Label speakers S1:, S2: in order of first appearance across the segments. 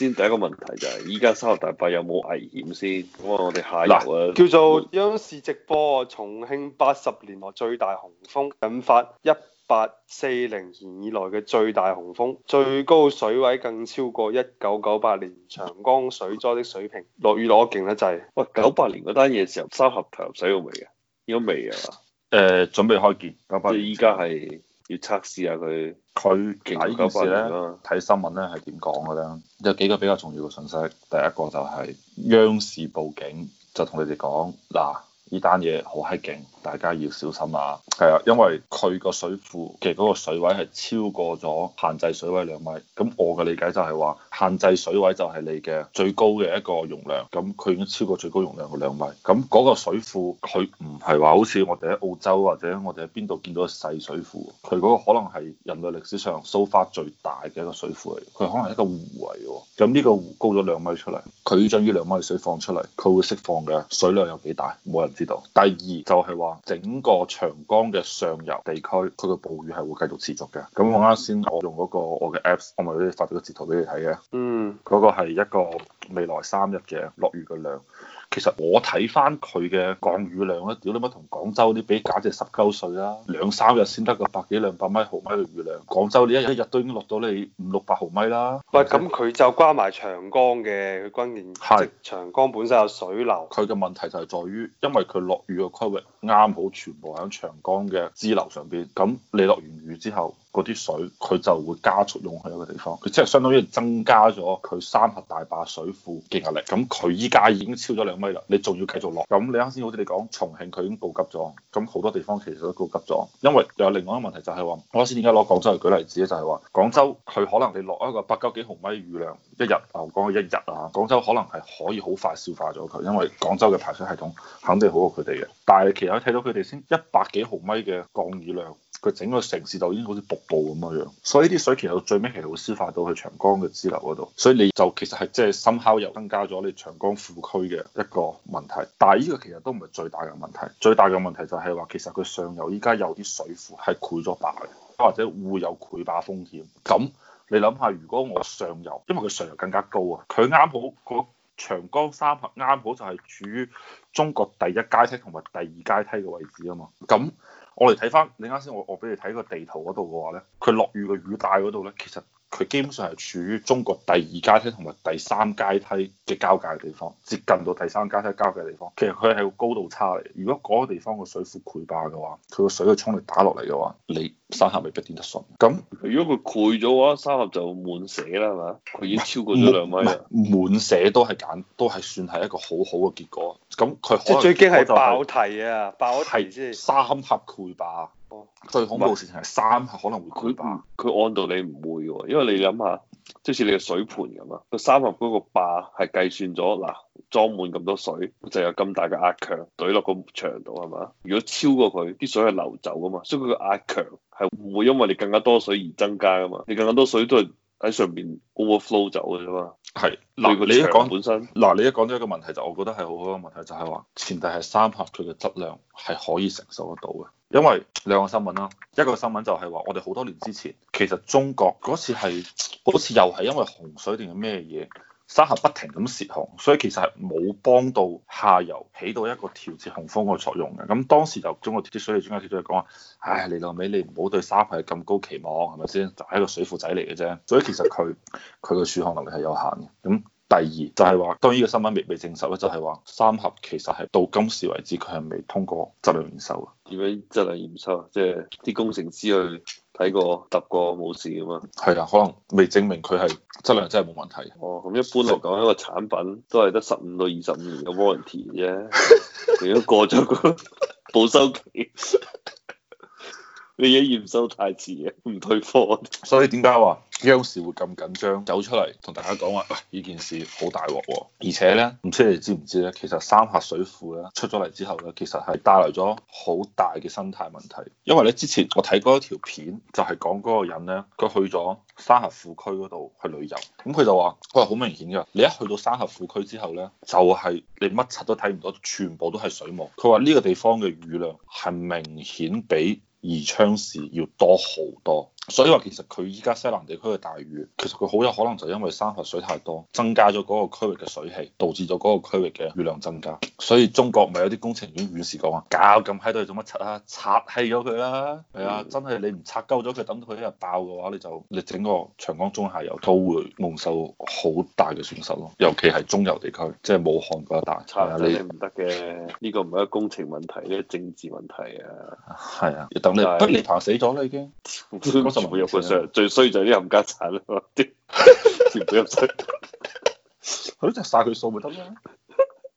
S1: 先第一個問題就係、是，依家三峽大壩有冇危險先？咁啊，我哋下流啊，叫做
S2: 央視直播重慶八十年來最大洪峯，引發一八四零年以來嘅最大洪峯，最高水位更超過一九九八年長江水災的水平。落雨落得勁咧，就係喂九八年嗰單嘢時候，
S1: 三峽投入使用未嘅？應該未啊，誒、呃、準備開建。九八。依家係。
S3: 要測試下佢，佢幾多分？睇新聞呢係點講嘅呢？有幾個比較重要嘅信息。第一個就係央視報警，就同你哋講嗱。啊呢單嘢好閪勁，大家要小心啊！係啊，因為佢個水庫嘅嗰個水位係超過咗限制水位兩米。咁我嘅理解就係話，限制水位就係你嘅最高嘅一個容量。咁佢已經超過最高容量嘅兩米。咁嗰個水庫佢唔係話好似我哋喺澳洲或者我哋喺邊度見到嘅細水庫，佢嗰個可能係人類歷史上 so far 最大嘅一個水庫嚟。佢可能係一個湖嚟嘅。咁呢個湖高咗兩米出嚟，佢將呢兩米水放出嚟，佢會釋放嘅水量有幾大？冇人。第二就係話，整個長江嘅上游地區，佢嘅暴雨係會繼續持續嘅。咁我啱先我用嗰個我嘅 Apps，我咪發咗個截圖俾你睇嘅。嗯，嗰個係一個未來三日嘅落雨嘅量。其實我睇翻佢嘅降雨量咧，屌你媽同廣州啲比簡直十鳩歲啦，兩三日先得個百幾兩
S2: 百米毫米嘅雨量，
S3: 廣州呢一日一日都已經落到你五六百毫米啦。喂，咁
S2: 佢就關埋長江嘅，佢關鍵係長江本身有水流。佢嘅問題就係在於，
S3: 因為佢落雨嘅區域啱好全部喺長江嘅支流上邊，咁你落完雨之後，嗰啲水佢就會加速湧去一個地方，佢即係相當於增加咗佢三峽大壩水庫嘅壓力。咁佢依家已經超咗兩米啦，你仲要繼續落？咁你啱先好似你講，重慶佢已經告急咗，咁好多地方其實都告急咗。因為有另外一個問題就係話，我先點解攞廣州嚟舉例子咧？就係話廣州佢可能你落一個百九幾毫米雨量一日，啊，講嘅一日啊，廣州可能係可以好快消化咗佢，因為廣州嘅排水系統肯定好過佢哋嘅。但係其實你睇到佢哋先一百幾毫米嘅降雨量。佢整個城市就已經好似瀑布咁嘅樣，所以呢啲水其實最尾其實會消發到去長江嘅支流嗰度，所以你就其實係即係深秋又，增加咗你長江庫區嘅一個問題，但係呢個其實都唔係最大嘅問題，最大嘅問題就係話其實佢上游依家有啲水庫係潰咗壩嘅，或者會有潰壩風險。咁你諗下，如果我上游，因為佢上游更加高啊，佢啱好個長江三峽啱好就係處於中國第一階梯同埋第二階梯嘅位置啊嘛，咁。我哋睇翻，你啱先我我俾你睇個地圖嗰度嘅話咧，佢落雨嘅雨帶嗰度咧，其實。佢基本上係處於中國第二階梯同埋第三階梯嘅交界嘅地方，接近到第三階梯交界嘅地方，其實佢係個高
S1: 度差嚟。如果嗰個地方個水庫潰壩嘅話，佢個
S3: 水嘅衝力打落嚟嘅話，你三峽未必點得順。咁
S1: 如果佢潰咗嘅話，三峽就滿瀉啦，係咪啊？佢已經超過咗
S3: 兩米，滿瀉都係簡，都係算係一個好好嘅結果。咁佢、就是、即係最驚係爆堤啊！爆堤即係三峽潰壩。最恐怖事情係三峽可能會潰壩。
S1: 佢按道理唔會嘅，因為你諗下，即係似你個水盆咁啊，個三峽嗰個壩係計算咗嗱，裝滿咁多水就有咁大嘅壓強，懟落個牆度係嘛？如果超過佢，啲水係流走噶嘛，所以佢個壓強係唔會因為你更加多水而增加噶嘛，你更加多水都係喺上邊 overflow 走嘅啫嘛。係嗱是，你一講本身
S3: 嗱，你一講咗一個問題就，我覺得係好好嘅問題就係話，前提係三峽佢嘅質量係可以承受得到嘅。因為兩個新聞啦、啊，一個新聞就係話我哋好多年之前，其實中國嗰次係好似又係因為洪水定係咩嘢，沙河不停咁洩洪，所以其實冇幫到下游起到一個調節洪峰嘅作用嘅。咁當時由中國啲水利專家提出嚟，講話，唉，你老尾你唔好對沙河咁高期望，係咪先？就係、是、一個水庫仔嚟嘅啫。所以其實佢佢個蓄洪能力係有限嘅。咁第二就係話，當呢個新聞未被證實咧，就係話三峽其實係到今時為止佢係未通過質量驗收嘅。
S1: 點解質量驗收啊？即係啲工程師去睇過、揼過冇事㗎嘛？係啊，可能未證明佢係質量真係冇問題。哦，咁一般嚟講，一個產品都係得十五到二十五年嘅 warranty 嘅啫，如果 過咗個保修期。 你嘢驗收太
S3: 遲啊，唔退貨。所以點解話央視會咁緊張走出嚟同大家講話？呢、哎、件事好大鑊喎、啊。而且呢，唔知你知唔知咧？其實三峽水庫咧出咗嚟之後呢，其實係帶來咗好大嘅生態問題。因為呢，之前我睇過一條片，就係、是、講嗰個人呢，佢去咗三峽庫區嗰度去旅遊。咁、嗯、佢就話：佢話好明顯㗎，你一去到三峽庫區之後呢，就係、是、你乜柒都睇唔到，全部都係水霧。佢話呢個地方嘅雨量係明顯比宜昌市要多好多。所以話其實佢依家西南地區嘅大雨，其實佢好有可能就因為山河水太多，增加咗嗰個區域嘅水汽，導致咗嗰個區域嘅雨量增加。所以中國咪有啲工程院院士講話，搞咁喺度做乜柒啊？拆棄咗佢啦，係啊，啊嗯、真係你唔拆夠咗，佢等到佢一日爆嘅話，你就你整個長江中下游都會蒙受好大嘅損失咯。尤其係中游地區，即係武漢嗰一大拆掉啊，你唔
S1: 得嘅。呢、這個唔係一個工程問題，呢、這個政治問題
S3: 啊。係啊，等你。不列塔
S1: 死咗啦已經。有啊，就冇入嘅最衰就係啲冚家產啦啲，。 啊，全部入去。
S3: 係咯，真係曬佢數咪得咯，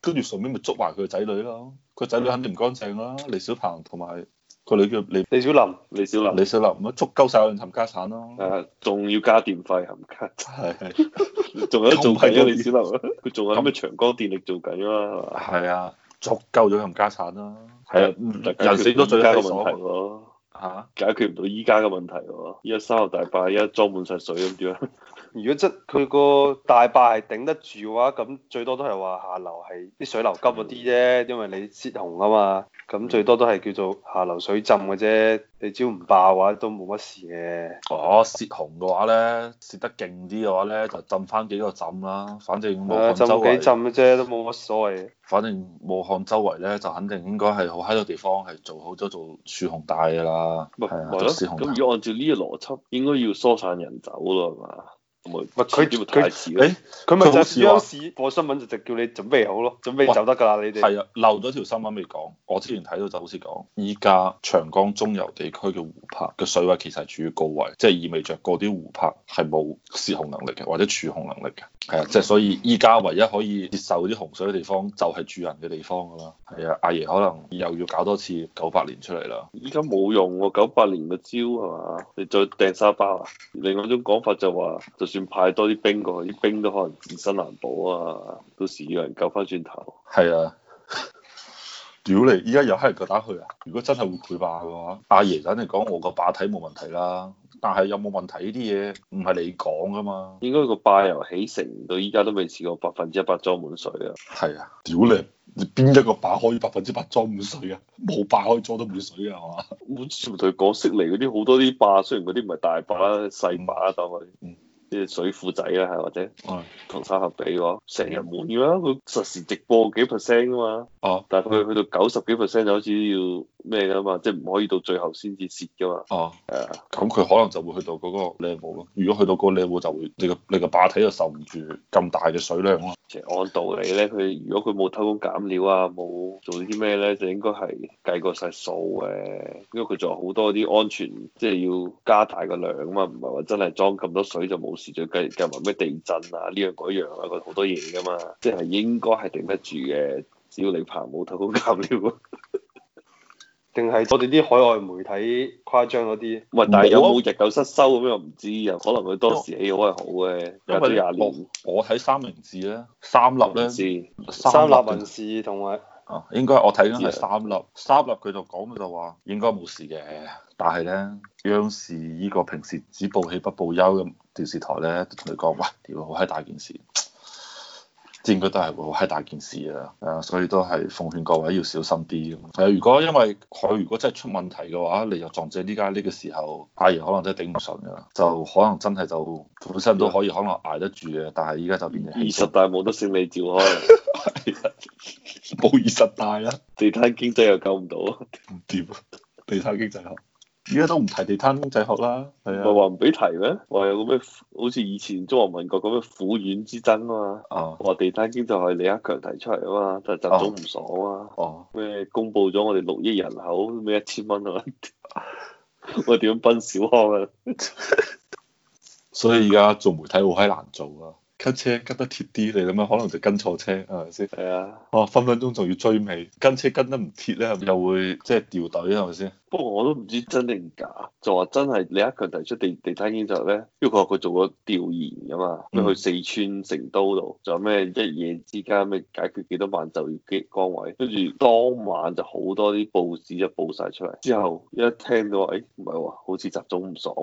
S3: 跟住順便咪捉埋佢個仔女咯。佢仔女肯定唔乾淨啦，啊，李小鵬同埋個女叫李李小林，李小林，李小林，咪捉鳩晒佢冚家產咯。係仲要加電費冚家產，仲有做咗李小林，佢仲有咁嘅長江電力做緊啊嘛？係，嗯、啊，捉鳩咗冚
S1: 家產啦。係啊，人死，啊、都最黑嘅問題咯，啊。吓，解決唔到依家嘅
S2: 問題喎、啊，依家三峽大壩依家裝滿晒水咁點啊？ 如果真佢個大壩係頂得住嘅話，咁最多都係話下流係啲水流急嗰啲啫，嗯、因為你泄洪啊嘛，咁最多都係叫做下流水浸嘅啫。你只要唔爆嘅話都，都冇乜事嘅。哦，泄洪嘅話咧，泄得勁啲嘅話咧，就浸翻幾個浸
S3: 啦。反正武漢浸幾浸
S2: 嘅啫，都冇乜所謂。反正武漢周圍咧、啊，
S3: 就
S1: 肯定應該係好喺個地方係做好咗做，啊
S3: 啊、做泄洪帶嘅啦。咁
S1: 如果按照呢個邏輯，應該要疏散人走咯，係嘛？唔係佢佢
S3: 誒，佢咪、欸、就央視
S1: 播新聞就直叫你準備好咯，哇 準備就得噶啦，你哋係啊，漏咗條新
S3: 聞未講。我之前睇到就好似講，依家長江中游地區嘅湖泊嘅水位其實係處於高位，即、就、係、是、意味着嗰啲湖泊係冇泄洪能力嘅，或者儲洪能力嘅，係啊，即係所以依家唯一可以接受啲洪水嘅地方就係住人嘅地方噶啦，係啊，阿爺可能又要搞多
S1: 次九八年出嚟啦，依家冇用喎、啊，九八年嘅招係嘛，你再掟沙包啊？另外一種講法就話、是算派多啲兵過去，啲兵都可能自身難保啊！到時有人救翻轉頭。係啊！
S3: 屌你！依家又閪人打佢啊！如果真係會潰壩嘅話，阿爺肯定講我個壩體冇問題啦。但係有冇問題呢啲嘢唔係你講噶嘛？應該個壩由起成到
S1: 依家都未試過百分之一百裝滿水啊！係啊！
S3: 屌你！邊一個壩可以百分之一百裝滿水啊？冇壩可以裝得滿水啊嘛！
S1: 好似佢講悉尼嗰啲好多啲壩，雖然嗰啲唔係大壩啦，細壩啊，但、嗯、係即係水庫仔啦、啊，係或者同三峽比、啊，成日滿嘅啦。佢實時直播幾 percent 噶嘛，哦、啊，啊、但係佢去到九十幾 percent 就好似要。咩噶嘛，即係唔可以到最後先至泄噶嘛。哦，係啊。咁佢可能就會去到嗰個 level
S3: 咯。如果去到嗰個 level 就會，你個你個壩體就受唔住咁大嘅水量咯。即
S1: 係按道理咧，佢如果佢冇偷工減料啊，冇做啲咩咧，就應該係計過晒數嘅。因為佢仲有好多啲安全，即係要加大個量啊嘛，唔係話真係裝咁多水就冇事，再計計埋咩地震啊呢樣嗰
S2: 樣啊，好多嘢噶嘛。即係應該係頂得住嘅，只要你怕冇偷工減料、啊。 定係我哋啲海外媒體誇張嗰啲，唔但係有冇日後失收咁又唔知啊？可能佢當時氣為、哎、呦好係好嘅，因為廿六，我
S1: 睇三明治咧，三立咧，三立電視同埋，
S3: 啊，應該我睇緊係三立，三立佢就講佢就話應該冇事嘅，但係咧，央視依個平時只報喜不報憂嘅電視台咧，都同你講：喂，屌，好閪大件事！應該都係會好大件事啊，所以都係奉勸各位要小心啲。係如果因為佢如果真係出問題嘅話，你又撞正呢家呢個時候，阿爺可能真係頂唔順噶啦，就可能真係就本身都可以可能捱得住嘅，但係依家就變咗二十
S1: 大冇得勝利召開，冇二十大啦，地攤經濟又救唔到，唔掂啊，地攤經濟學！而家都唔提地攤經濟學啦，唔係話唔俾提咩？話有個咩，好似以前中華民國咁咩府院之爭嘛啊嘛、啊啊。啊，話地攤經濟係李克強提出嚟啊嘛，但係習總唔爽啊。哦，咩公布咗我哋六億人口咩一千蚊啊？1, 我點樣奔小康啊？
S3: 所以而家做媒體好閪難做啊！跟車跟得貼啲你咁樣，可能就跟錯車，係咪先？係是啊。哦，分分鐘仲要追尾。跟車跟
S1: 得唔貼咧，又會即係掉隊，係咪先？不過我都唔知真定假，就話真係李克強提出地地攤經濟咧，因為佢話佢做過調研噶嘛，咩、嗯、去四川成都度，仲有咩一夜之間咩解決幾多萬就業機崗位，跟住當晚就好多啲報紙就報晒出嚟，之後一聽到誒唔係喎，好似習總唔爽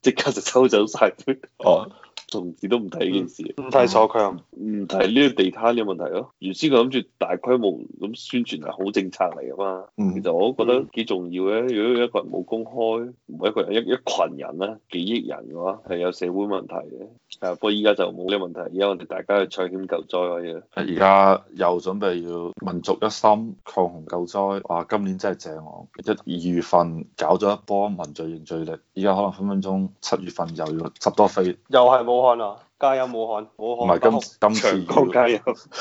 S1: 即 刻就抽走晒。哦。 甚至都唔提呢件事、嗯，唔提索強，唔提呢個地攤嘅個問題咯、啊。原先佢諗住大規模咁宣傳係好政策嚟㗎嘛，嗯、其實我覺得幾重要嘅。如果一個人冇公開，唔係一個人一一羣人咧，幾億人嘅話係有社會問題嘅。啊，不過依家就冇呢個問題。依家我哋大家去搶險救災啊！
S3: 而家又準備要民族一心抗洪救災，哇、啊！今年真係正喎！一二月份搞咗一波民族凝聚力，而家可能分分鐘七月份又要十多飛，
S2: 又係喎。武漢啊！加油武、武漢！武漢唔係加油！今次
S3: 今次長江
S2: 加油！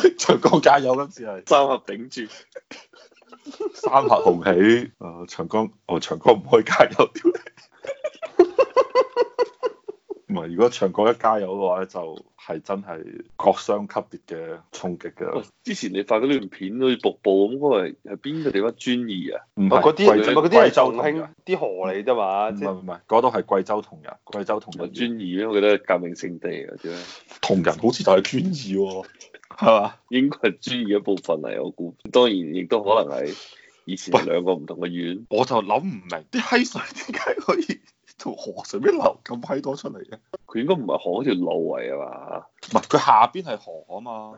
S2: 了長江加油！今次係三峽頂住，
S3: 三峽雄起。誒、呃，長江哦，長江唔可以加油。 如果長江一加油嘅話咧，就係、是、真係國商級別嘅衝擊嘅。
S1: 之前你發嗰段片好似瀑布咁，嗰個係邊個地方？遵義啊，唔係嗰啲係嗰啲係貴州啲州河嚟啫嘛。唔係唔係，嗰度係貴州銅仁，貴州銅仁遵義，我覺得革命聖地嗰啲。
S3: 銅仁好似就係遵義喎、啊，
S1: 係嘛？應該係遵義一部分嚟、啊，我估。當然亦都可能係以前兩個唔同嘅縣。我就諗唔明啲溪水點解可以。 條河上邊流咁閪多出嚟嘅，佢應該唔係河嗰條路嚟啊嘛，唔係佢下
S3: 邊係河啊嘛，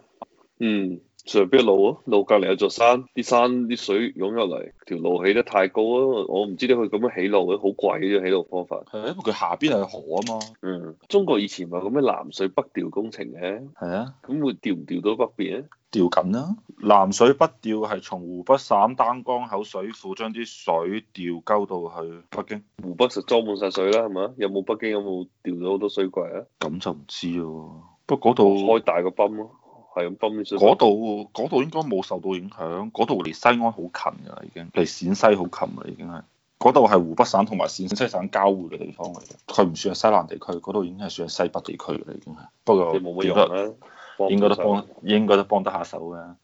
S1: 嗯，上邊路啊，路隔籬有座山，啲山啲水湧入嚟，條路起得太高啊，我唔知點解佢咁樣起路，好貴嘅起路方法。係啊，因為佢下邊係河啊嘛，嗯，中國以前咪咁樣南水北調工程嘅。
S3: 係啊，咁會調唔調到北邊啊？調緊啦，南水北調係從湖北省丹江口水庫將啲水調溝到去北京。湖北就裝滿晒水
S1: 啦，係咪啊？有冇北京有冇調咗好多水櫃啊？咁
S3: 就唔知咯。不過嗰度開大個
S1: 泵咯，啊，係咁泵啲水，水。嗰度嗰度應該冇受到影響，
S3: 嗰度離西安好近噶啦，已經離陝西好近啦，已經係。嗰度係湖北省同埋陝西省交匯嘅地方嚟嘅，佢唔算係西南地區，嗰度已經係算係西北地區啦，已經係。不過冇乜啦。應該都幫，應該都幫得下手嘅。